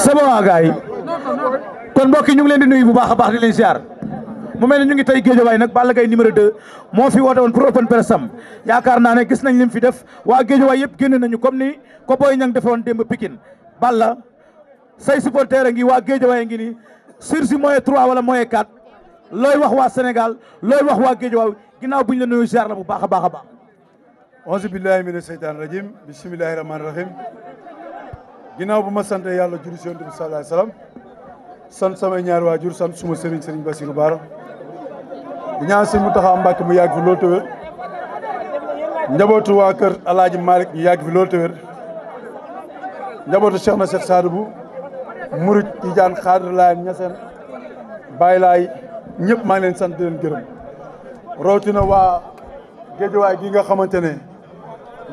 sama waa gaay kon mbokk ñu ngi leen di nuyu bu baax a baax di leen ziar mu mel ne ñu ngi tey Géejawaay nag Balla Gaye numéro 2 moo fi woote woon pour open press am yaakaar naa ne gis nañ lim fi def waa Géejawaay yëpp génn nañu comme ni ko Boy Niang defe woon démb Pikine Balla say supporter a ngi waa Géejawaay a ngi nii sur si moyen 3 wala moyen looy wax waa Sénégal looy wax waa Géejawaay ginnaaw bu ñu la nuyu ziar la bu baax a baax a baax. auzu billahi mina seytaani rajim bismillahi rahmaani rahim ginnaaw bu ma sant yàlla juri si yonent bi sallallahu alayhi wasallam sant samay ñaari waajur sant suma sëriñ sëriñ Bassirou Bara di ñaan sëriñ Mountakha Mbacké mu yàgg fi loolu tawér njabootu waa kër Alaaji Malick ñu yàgg fi loolu tawér njabootu Cheikh na Cheikh Sadibou Murid Tijaan Xaadir Laayeen Ñaseen Baay Laay ñëpp maa ngi leen sant di leen gërëm rawatina waa Géejawaay gi nga xamante ne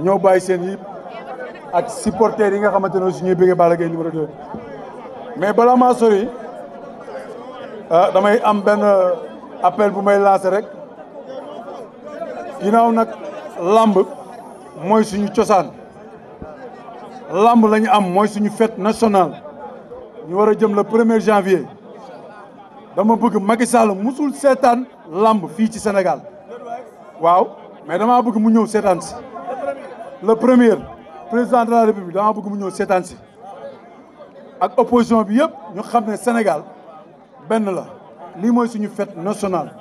ñoo bàyyi seen yëpp ak supporters yi nga xamante ne aussi ñuy bëggee Balla Gaye numéro 2 mais balaa maa sori ah, damay am benn appel bu may lancer rek ginnaaw nag làmb mooy suñu cosaan lamb lañu am mooy suñu fête nationale ñu war a jëm le premier janvier dama bëgg Macky Sall musul seetaan lamb fii ci Sénégal waaw mais dama bëgg mu ñëw seetaan si le premier. président de la république dama bëgg mu ñëw seetaan ak opposition bi yëpp ñu xam ne Sénégal benn la lii mooy suñu fête national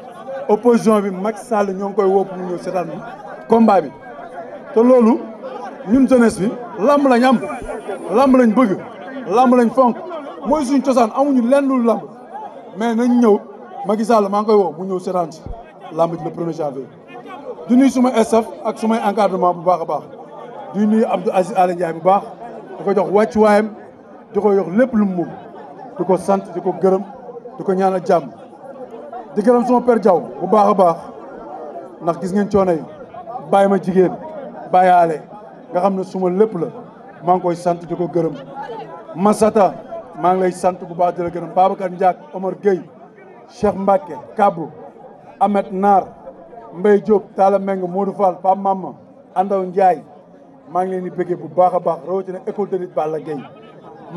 opposition bi mag Sall ñoo ngi koy woo pour mu ñëw seetaan bi combat te loolu ñun jeunesse bi lamb lañ am lamb lañ bëgg lamb lañ fonk mooy suñu cosaan amuñu lenn lu lamb mais nañ ñëw magi Sall maa ngi koy woo mu ñëw seetaan si lamb ji le premier janvier di nuyu sumay staff ak sumay encadrement bu baax a baax di nuyu Abdou Aziz Aly Ndiaye bu baax di ko jox wàccuwaayam di ko jox lépp lu mu moom ko sant di ko gërëm di ko ñaana jàmm di gërëm suma père Diaw bu baax a baax ndax gis ngeen coono yi bàyyi ma jigéen bàyyaale nga xam ne suma lépp la maa ngi koy sant di ko gërëm Masata maa ngi lay sant bu baax di la gërëm Babacar Ndiak Omar Gueye Cheikh Mbacke Kabou Naar Mbaye Diop Talla Meng Modou Fall Pape Mama Andaw Ndiaye maa ngi leen di bëggee bu baax a baax rawatina école de lutte Balla Gaye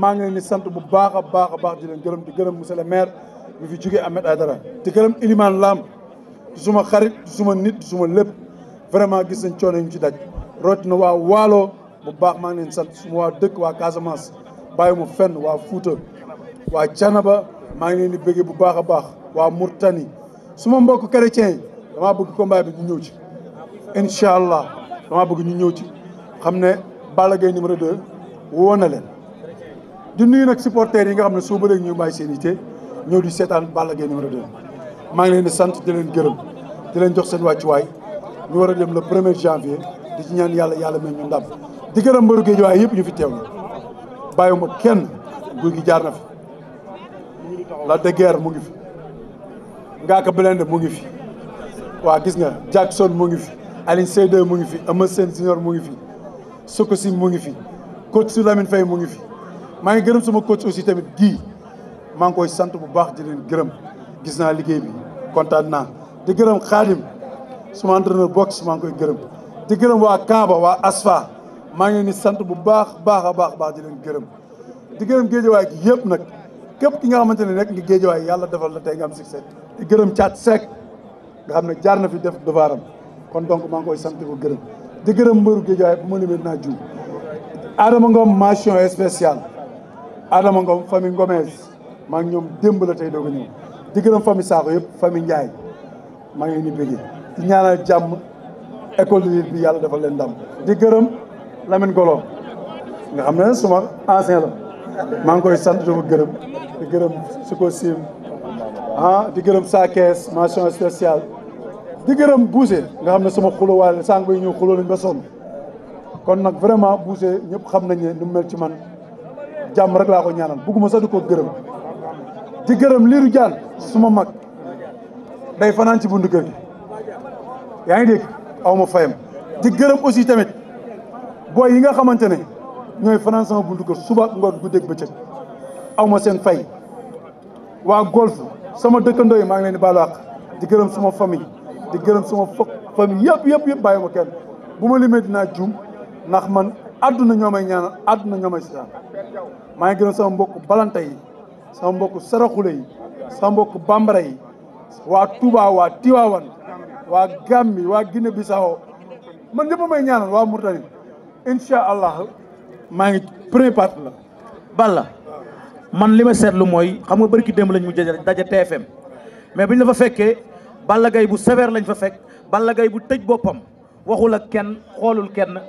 maa ngi leen di sant bu baax a baax a baax di leen gërëm di gërëm monsieur le maire bi fi jugee Ahmed dara di gërëm Ilimane Lam di suma xarit di suma nit di suma lépp vraiment gis nañ coono ñu ci daj rawatina waa Waalo bu baax maa ngi leen sant suma waa dëkk waa Casamance bàyyi mu fenn waa Fouta waa Canaba maa ngi leen di bëggee bu baax a baax waa Mourtani suma mbokk chrétien yi damaa bëgg combat bi ñëw ci incha allah damaa bëgg ñu ñëw ci xam ne bala Gaye numéro 2 woo na leen di nuyu nag supporters yi nga xam ne suba léegi ñu bàyyi seen yitte ñoo di seetaan Balla Gaye numéro 2 maa ngi leen di sant jëleen gërëm di leen jox seen wàccuwaay ñu war a dem la premier janvier di ci ñaan yàlla yàlla mel ñu ndam di gërëm mbëru géej waaye yëpp ñu fi teew na ma kenn guy gi jaar na fi la de guerre mu ngi fi Ngaaka Blindé mu ngi fi waa gis nga Jackson mu ngi fi Aline Seydoux mu ngi fi Eumeu Sène Junior mu ngi fi Sococim mu ngi fi coach su Lamine mu ngi fi maa ngi gërëm sama coach si tamit gii maa ngi koy sant bu baax di gërëm gis naa liggéey bi kontaan naa di gërëm Khadim suma entraîneur boxe maa ngi koy gërëm di gërëm waa Kaaba waa Asfa maa ngi leen sant bu baax baax a baax baax di gërëm di gërëm géejawaay gi yëpp nag képp ki nga xamante ne rek ngi géejawaay yàlla defal la tey nga am di gërëm caat Seck nga xam ne jaar na fi def devoiram kon donc maa ngi koy sant ko gërëm di gërëm mbëru Géejawaay bu ma limee naa juum Adama Ngom mention spéciale Adama Ngom famille Ngomès maa ngi ñoom démb la tey doog a ñëw di gërëm famille Sakho yëpp famille Ndiaye maa ngi ni bëggee di ñaanal jàmm école de lutte bi yàlla dafa leen ndam di gërëm Lamine Golo nga xam ne suma ancien la maa ngi koy sant di ko gërëm di gërëm su ko sim ah, sa kees mention spéciale di gërëm Bousse nga xam ne sama xulóowaale sànq yi ñëw xulóo lañ ba sonn kon nag vraiment Bousse ñëpp xam nañ ne nu mel ci man jàmm rek laa ko ñaanal bugguma sax di ko gërëm di gërëm liiru jaan suma mag day fanaan ci bundu kër yaa ngi dégg aw ma fayam di gërëm aussi tamit booy yi nga xamante ne ñooy fanaan sama bundu kër suba ngoon guddeeg bëccëg aw ma seen fay waa golf sama dëkkandoo yi maa ngi leen di baalu di gërëm suma famille di gërëm sama fokk famille yëpp yëpp yëpp bàyyi ma kenn bu ma limee dinaa juum ndax man àdduna ñoo may ñaanal àdduna ñoo may sitaan maa ngi gërëm sama mbokku balanta yi sama mbokku saraxule yi sama mbokku bambara yi waa Touba waa Tiwaawan waa Gàmbi waa Guinée Bissau man ñëpp may ñaanal waa Mourtani incha allah maa ngi premier partie la. Balla man li ma seetlu mooy xam nga bërki démb lañ mu jaja daje TFM mais biñ la fa fekkee. Balla gay bu sévère lañ fa fekk Balla gay bu tëj boppam waxul ak kenn xoolul kenn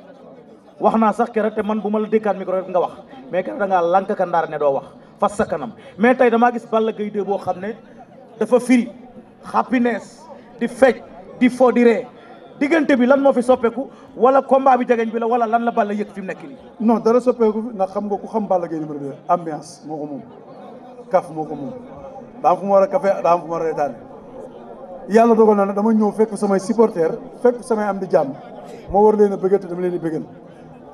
wax naa sax keroog te man bu ma la dékkaat micro rek nga wax mais keroog danga ngaa lank ka ne doo wax fas sa kanam mais tey damaa gis Balla Gaye de boo xam ne dafa firi happiness di fecc di foo di ree diggante bi lan moo fi soppeeku wala combat bi jegeñ bi la wala lan la Balla yëg fi nekk nii. non dara soppeeku fi ndax xam nga ku xam Balla Gaye numéro bi ambiance moo ko moom kaf moo a kafe daa am a yàlla dogal na ne dama ñëw fekk samay supporter fekk samay am di jàmm moo war leen a bëggal te dama leen di bëggal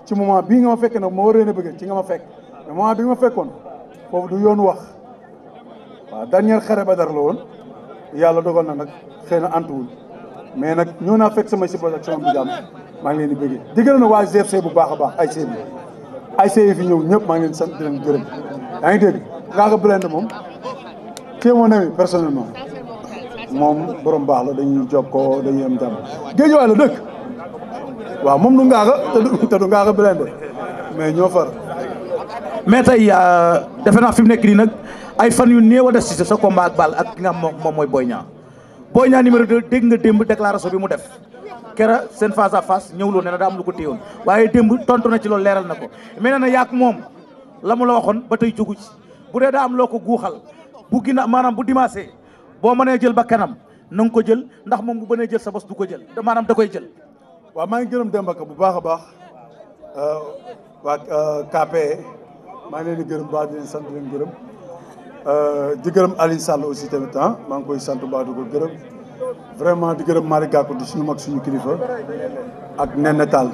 ci moment bii nga ma fekkee nag moo war leen a bëggal ci nga ma fekk mais moment bi nga ma fekkoon foofu du yoon wax waaw dernier xare Badar la woon yàlla dogal na nag xëy na antuwul mais nag ñëw naa fekk samay supporter ak sama am di jàmm maa ngi leen di bëggee digal na waa GFC bu baax a baax ay seen ay seen fi ñëw ñëpp maa ngi leen di sant di leen gërëm yaa ngi dégg ngaa ko blende moom téemoon na mi personnellement moom borom baax la dañuy jokkoo dañuy am jàmm géejuwaay la dëkk waaw moom du ngaaxa te du ngaaxa blende mais ñoo far mais tey euh, defe naa fi mu nekk nii nag ay fan yu néew a des ci sa combat ak Bal ak ki nga xam moom mooy Boy Niang Boy Niang dégg nga démb déclaration bi mu def kera seen face a fas ñëwuloo nee na daa am lu ko téyewoon waaye démb tontu na ci loolu leeral na ko mais nee na yaak moom la mu la waxoon ba tey jugu ci bu dee daa am loo ko guuxal bu ginnaaw maanaam bu dimanche boo mënee jël ba kanam na nga ko jël ndax moom bu mënee jël sa bos du ko jël maanaam da koy jël. waaw maa ngi gërëm Demba bu baax a baax euh, waa euh, KPE maa ngi leen di gërëm baax di leen sant di leen gërëm euh, di gërëm Aliou Sall aussi te ah maa ngi koy sant baax di ko gërëm vraiment di gërëm Malick Gakou di suñu mag suñu kilifa ak Néné Tall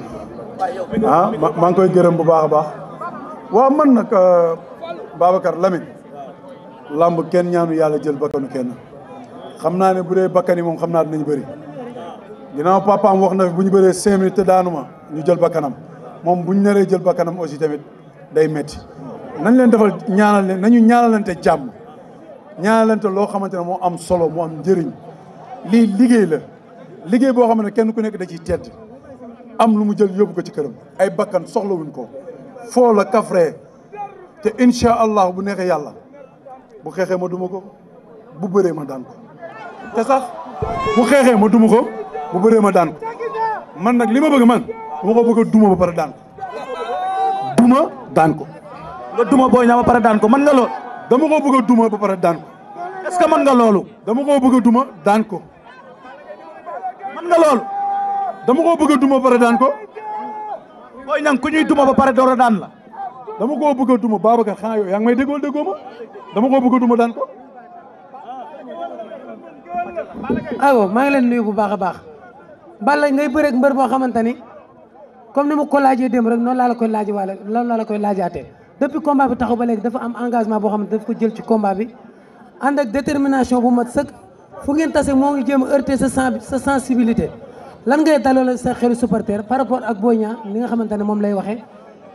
ah maa ngi koy gërëm bu baax a baax waaw man nag Babacar Lamine lamb kenn ñaanu yàlla jël bakkanu kenn xam naa ne bu dee bakkan yi moom xam naa dinañ bëri ginnaaw papaam wax na bu ñu bëree cinq minutes te daanuma ñu jël bakkanam moom bu ñu naree jël bakkanam aussi tamit day métti nañ leen defal ñaanal leen nañu ñaanalante jàmm ñaanalante loo xamante ne moo am solo moo am njëriñ lii liggéey la liggéey boo xam ne kenn ku nekk da ciy tedd am lu mu jël yóbbu ko ci këram ay bakkan soxlawuñ ko foola kafre kafree te incha allah bu neexee yàlla bu xeexee ma duma ko bu bëree ma daan te sax bu xeexee ma duma ko bu bëree ma daan ko man nag li ma bëgg man dama ko bëgg a duma ba pare daan ko duma daan ko nga duma booy ñaa ba nga lool dama ko bëgg a duma ba pare daan ko que man nga loolu dama koo bëgg a duma daan ko man nga lool dama koo bëgg a duma ba pare daan ko booy ñang ku ñuy duma ba pare door a daan la dama koo bëgg a duma Babacar xanaa yow yaa ngi may déggoo déggoo ma dama koo bëgg a duma daan ko aywa maa ngi leen nuyu bu baax a baax Balla ngay bëreeg mbër boo xamante ni comme ni ma ko laajee dem rek noonu laa la koy laajee waale loolu laa la koy laajaatee depuis combat bi taxaw ba léegi dafa am engagement boo xam ne daf ko jël ci combat bi ànd ak détermination bu mat sëkk fu ngeen tase moo ngi jéem a heurter sa sa sensibilité lan ngay daloo sa xelu supporter par rapport ak Boy ñaa li nga xamante ne moom lay waxee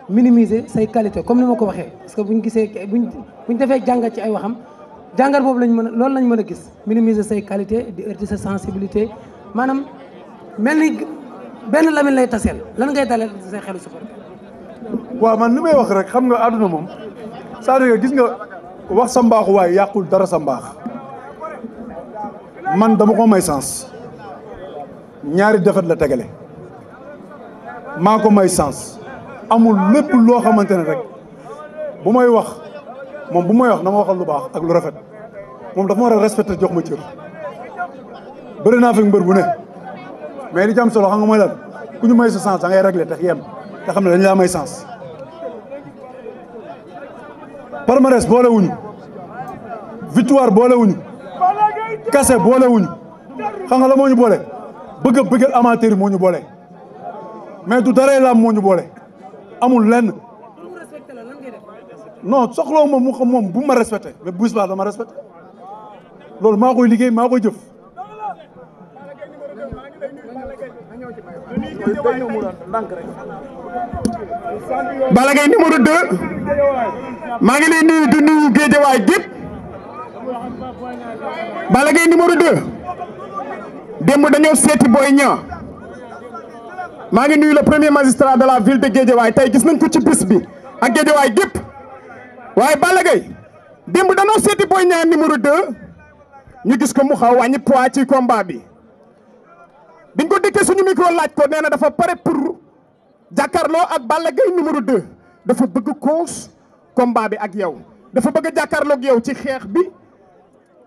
minimiser say qualité comme ni ma ko waxee parce que buñ gisee buñ buñ defee jàngat ci ay waxam jàngat boobu lañ mën a loolu lañ mën a gis minimiser say qualité di heurter sa sensibilité maanaam mel ni benn lamin lay taseel lan ngay dalee say xelu supporter waaw man li may wax rek xam nga àdduna moom cest à gis nga wax sa mbaaxuwaay yàqul dara sa mbaax man dama ko may sens ñaari defet la tegale maa ko may sens amul lépp loo xamante ne rek bu may wax moom bu may wax na ma waxal lu baax ak lu rafet moom dafa ma war jox ma cër bëri naa fi mbër bu ne mais li jam solo xam nga mooy lan ku ñu may sa sens da ngay réglé tax yem te xam ne dañu laa may sens palmarès boole wuñu victoire boole wuñu kase boole wuñu xam nga la moo ñu boole bëgg bëggal amateur moo ñu boole mais du daree laam moo ñu boole amul lenn non soxloo moom mu moom bu ma respecté mais bu subaa dama respecté loolu maa koy liggéey maa koy jëf. Balla Gaye numéro 2 maa ngi lay nuyu di nuyu géejawaay gépp Balla Gaye numéro 2 démb dañoo seeti Boy Niang maa ngi nuyu le premier magistrat de la ville de Guédiawaye tey gis nañ ko ci bis bi ak Guédiawaye gépp waaye Balla Gaye démb danoo seeti Boy Niang numéro 2 ñu gis ko mu xaw wàññi poids ci combat bi biñ ko dikkee suñu micro laaj ko nee na dafa pare pour jàkkaarloo ak Balla Gaye numéro 2 dafa bëgg koos combat bi ak yow dafa bëgg a jàkkaarloog yow ci xeex bi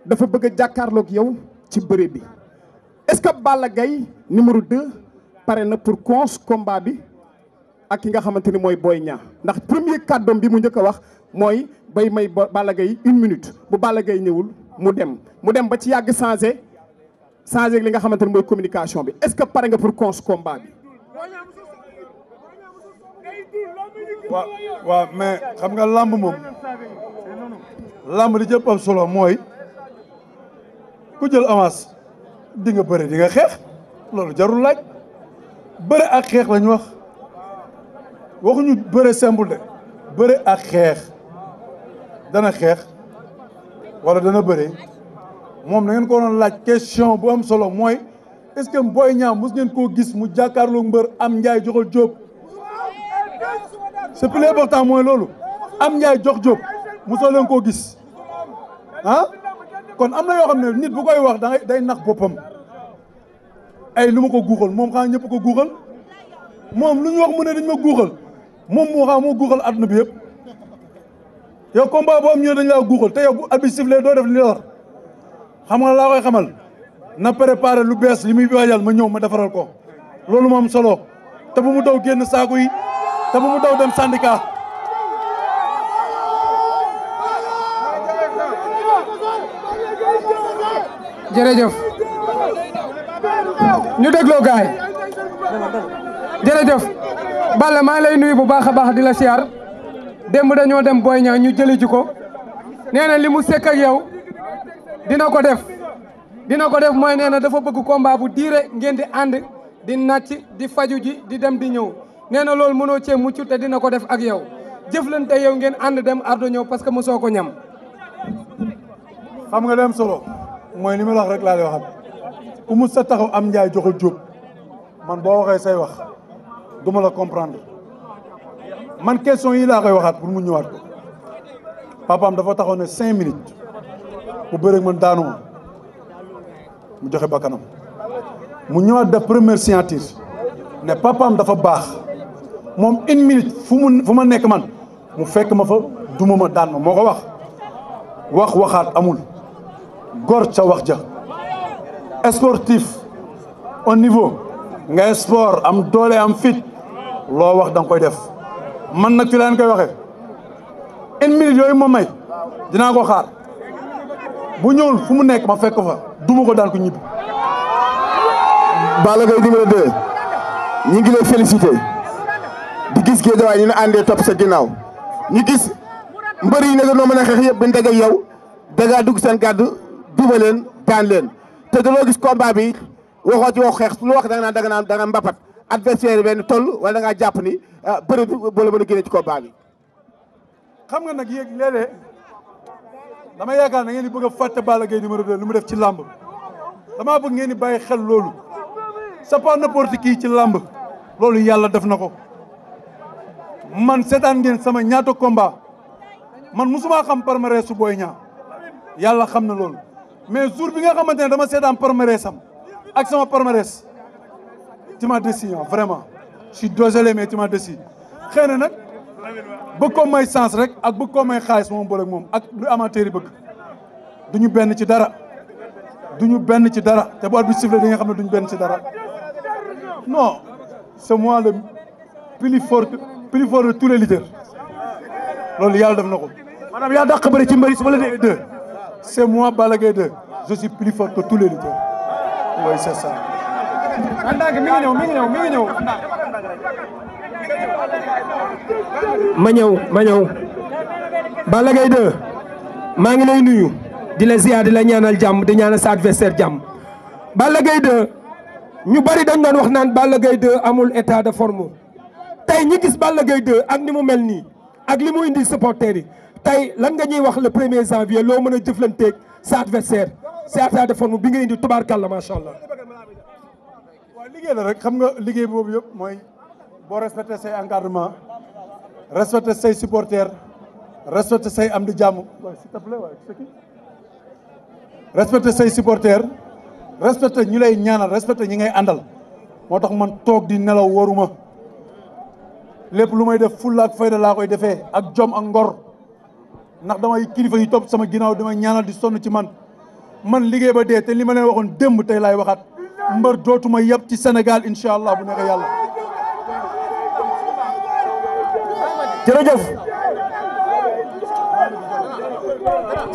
dafa bëgg a jàkkaarloog yow ci bëre bi est-ce que numéro 2 pare na pour koos combat bi. ak ki nga xamante ni mooy booy Niang ndax premier kàddoom bi mu njëkk a wax mooy bay may ba Balla Gaye une minute bu Balla Gaye ñëwul mu dem mu dem ba ci yàgg changé changé li nga xamante ni mooy communication bi est-ce que pare nga pour cons combat bi. waaw mais xam nga làmb moom làmb li jëpp am solo mooy ku jël avance di nga bëre di nga xeex loolu jarul laaj bëre ak xeex lañu wax. waxuñu bëre simple de bëre ak xeex dana xeex wala dana bëre moom na ngeen ko doon laaj question boo am solo mooy est-ce que Boy Niang mos ngeen koo gis mu jàkkaarloo mbër am njaay joxal jóob c'est plus important mooy loolu am njaay jox jóob mosoo leen koo gis ah kon am na yoo xam ne nit bu koy wax dangay day nax boppam ay lu ma ko guuxal moom xanaa ñëpp ko guuxal moom lu ñu wax mu ne dañ ma guuxal moom moo xam moo guuxal àdduna bi yëpp yow combat boo am ñëwee dañ laa guuxal te yow bu arbitre sifflé doo def li la xam nga laa koy xamal na préparé lu bees li muy waajal ma ñëw ma defaral ko loolu moo am solo te bu mu daw génn saako yi te bu mu daw dem syndicat jërëjëf ñu degloo gaay jërëjëf Balla maa lay nuyu bu baax a baax di la siyaar démb dañoo dem Boy Niang ñu jëli ji ko nee na li mu sekk ak yow dina ko def dina ko def mooy nee na dafa bëgg combat bu diire ngeen di ànd di nàcc di faju ji di dem di ñëw nee na loolu mënoo cee mucc te dina ko def ak yow jëflante yow ngeen ànd dem ardo ñëw parce que mosoo ko ñam. xam nga dem solo mooy li ma wax rek laa lay waxam ku mu sa taxaw am njaay joxul jóg man boo waxee say wax. du ma la comprendre man question yi laa koy waxaat pour mu ñëwaat ko papaam dafa taxaw ne cinq minutes bu bëreeg man daanu mu joxe bakkanam mu ñëwaat def première signature ne papaam dafa baax moom une minute fu mu fu ma nekk man mu fekk ma fa duma ma daan ma moo ko wax wax waxaat amul gor ca wax ja sportif au niveau ngay sport am doole am fit loo wax da koy def man na ci leen koy waxee une yooyu ma may dinaa ko xaar bu ñëwul fu mu nekk ma fekk fa duma ko daan ko ñibbi. Balla Gaye numéro 2 ñu ngi lay félicité di gis Guédiawaye ñu ne àndee topp sa ginnaaw ñu gis mbër yi ne dañoo mën a xeex yëpp bañ dajeeg yow da ngaa dugg seen gàddu duba leen daan da te gis combat bi. waxoo ci wax xeex lu wax da nga da nga naan da nga mbapat adversaire benn toll wala da ngaa jàpp ni ah, bëri bu la mën a xam nga nag yéeg léeg dama yaakaar na ngeen di bëgg a fàtte Balla Gaye numéro 2 lu mu def ci làmb damaa bëgg ngeen di bàyyi xel loolu c'est pas n'importe kii ci làmb loolu yàlla def na ko man seetaan ngeen sama ñaata combat man musuma xam palmarès su Boy Niang yàlla xam na loolu mais jour bi nga xamante ne dama seetaan palmarès sam ak sama palmarès tu m'as déçu vraiment je suis désolé mais tu m'as déçu xëy na nag bëgg ko sens rek ak bëgg ko may moom boole ak moom ak lu amateur yi bëgg duñu benn ci dara duñu benn ci dara te bu at bi sifflé di nga xam ne duñu benn ci dara non c'est moi le plus fort plus fort de tous les leaders loolu yàlla def na ko. maanaam yaa dàq bëri ci mbëri su ma la dee deux c'est moi Balla Gaye 2 plus fort que tous les leaders. oui c'est ñëw mi ngi ñëw ma ñëw ma ñëw. Balla Gaye 2 maa ngi lay nuyu di la ziar di la ñaanal jàmm di ñaanal sa adversaire jàmm Balla Gaye 2 ñu bari dañ daan wax naan Balla Gaye 2 amul état de forme tey ñi gis Balla gay 2 ak ni mu mel nii ak li mu indi supporters yi tey lan nga ñuy wax le premier janvier loo mën a jëflanteeg sa adversaire si état de forme bi nga indi tubaarkàlla macha allah. waaw liggéey la rek xam nga liggéey boobu yëpp mooy boo respecté say encadrement respecté say supporters respecté say am di jàmm respecté say supporters respecté ñu lay ñaanal respecté ñi ngay àndal moo tax man toog di nelaw waruma lépp lu may def fulla ak fayda laa koy defee ak jom ak ngor ndax damay kilifa yi topp sama ginnaaw damay ñaanal di sonn ci man. man liggéey ba dee te li ma leen waxoon démb tey laay waxaat mbër dootuma yab ci Sénégal incha allah bu neexee yàlla. jërëjëf.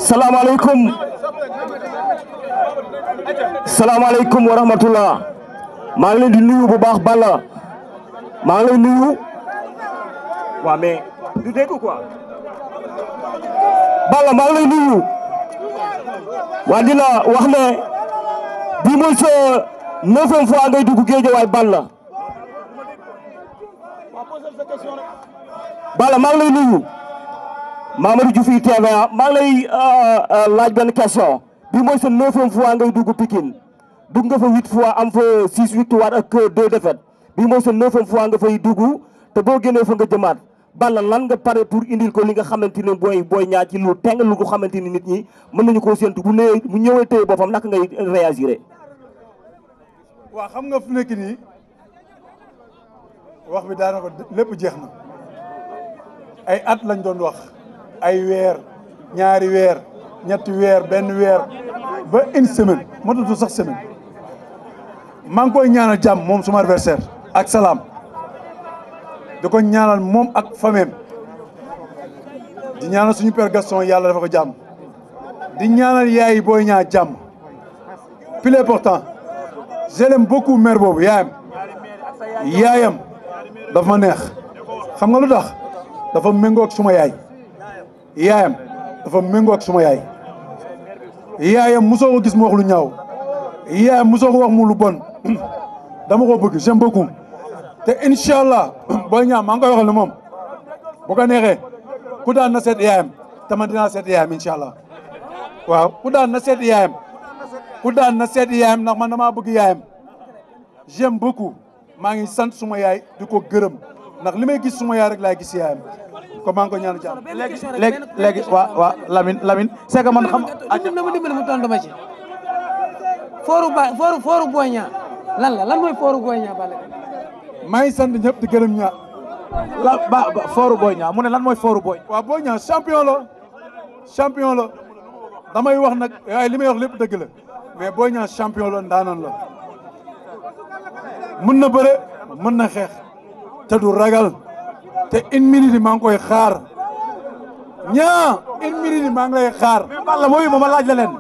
salaamaaleykum. salaamaaleykum wa rahmatullah. maa ngi leen di nuyu bu baax Balla. maa ngi lay nuyu. waa mais Balla maa lay nuyu. waa dina wax ne bii mooy sa neuvième fois ngay dugg géejawaay Balla Balla maa ngi lay nuyu Mamadou Diouf TVA maa ngi lay euh, euh, laaj benn question bii mooy sa neuvième fois ngay dugg Pikine dugg nga fa huit fois am fa six victoires ak deux défaites bii mooy sa neuvième fois nga fay dugg te boo génnee fa nga jëmaat Balla lan nga pare pour indil ko li nga xamante ni booy booy ñaar ci lu teng lu ko xamante ni nit ñi mën nañu ko séntu bu néew mu ñëwee téye boppam naka ngay réagir. waaw xam nga fu nekk nii wax bi daanako lépp jeex na ay at lañ doon wax ay weer ñaari weer ñetti weer benn weer ba une semaine motatu sax semaine maa ngi koy ñaanal jàmm moom suma adversaire ak salaam. da ko ñaanal moom ak fameem di ñaanal suñu père Gaston yàlla dafa ko jàmm di ñaanal yaay booy ñaa jàmm pile important je l'aime beaucoup mère boobu yaayam yaayam dafa ma neex xam nga lu tax dafa méngoo ak suma yaay yaayam dafa méngoo ak suma yaay yaayam mosoo ko gis mu wax lu ñaaw yaayam mosoo ko wax mu lu bon dama ko bëgg j'aime beaucoup te incha allah booy ñaam maa ngi koy waxal moom bu ko neexee ku daan na seet yaayam te man dinaa seet yaayam incha waaw ku daan na seet yaayam ku daan na seet yaayam ndax man damaa bëgg yaayam j'aime beaucoup maa ngi sant suma yaay di ko gërëm ndax li may gis suma yaay rek laay gis yaayam ko maa ngi ko ñaan jàmm léegi léegi léegi waa waa Lamine Lamine man xam na ma dimbali mu tontu ma ci fooru ba fooru fooru Boy Niang lan la lan mooy fooru Boy maa ngi sant ñëpp di gërëm ñaar la ba fooru Boy Niang mu ne lan mooy fooru Boy Niang. waaw Boy Niang champion la champion la damay wax nag waaye li may wax lépp dëgg la mais Boy Niang champion la ndaanan la mën na bëre mën na xeex te du ragal te une minute maa ngi koy xaar ñaa une minute maa ngi lay xaar. mais Balla mooy ma laaj la leen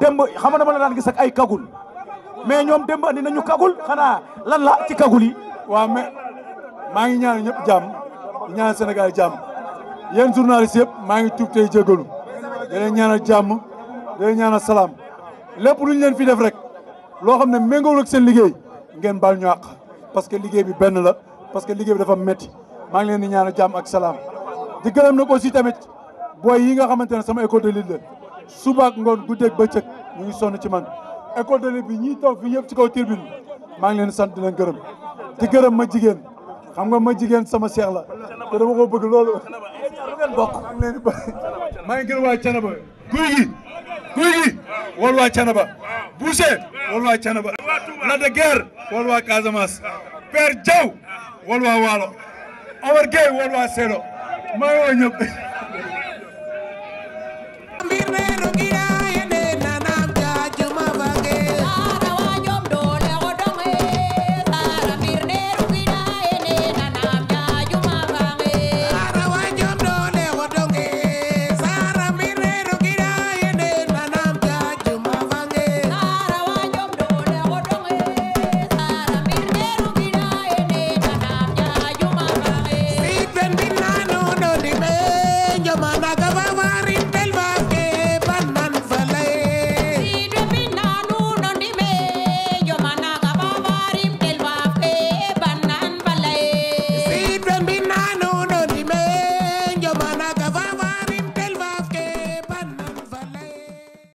démb xama na ma la daan gis ak ay kagul mais ñoom démb andi nañu kagul xanaa lan la ci kagul yi. waaw mais maa ngi ñaan ñëpp jàmm di ñaan Sénégal jàmm yéen journaliste yëpp maa ngi tuub tey jégalu di leen ñaanal jàmm di leen ñaanal salaam lépp lu ñu leen fi def rek loo xam ne méngoowul ak seen liggéey ngeen baal ñu àq parce que liggéey bi benn la parce que liggéey bi dafa métti maa ngi leen di ñaanal jàmm ak salaam di gërëm nag aussi tamit booy yi nga xamante ne sama école de lutte la suba ak ngoon guddeeg bëccëg ñu ngi sonn ci man école de lutte bi ñiy toog fii ci kaw tribune maa ngi leen sant di gërëm di gërëm ma jigéen xam nga ma jigéen sama seex la te dama ko bëgg loolu bokk maa ngi gërëm waa Canaba guy gi guy gi wol waa Canaba Boucher wol waa Canaba Lac de Guiers waa Casamance Père Diaw wol waa Waalo Omar Gueye wol waa Seedo maa ngi woo ñëpp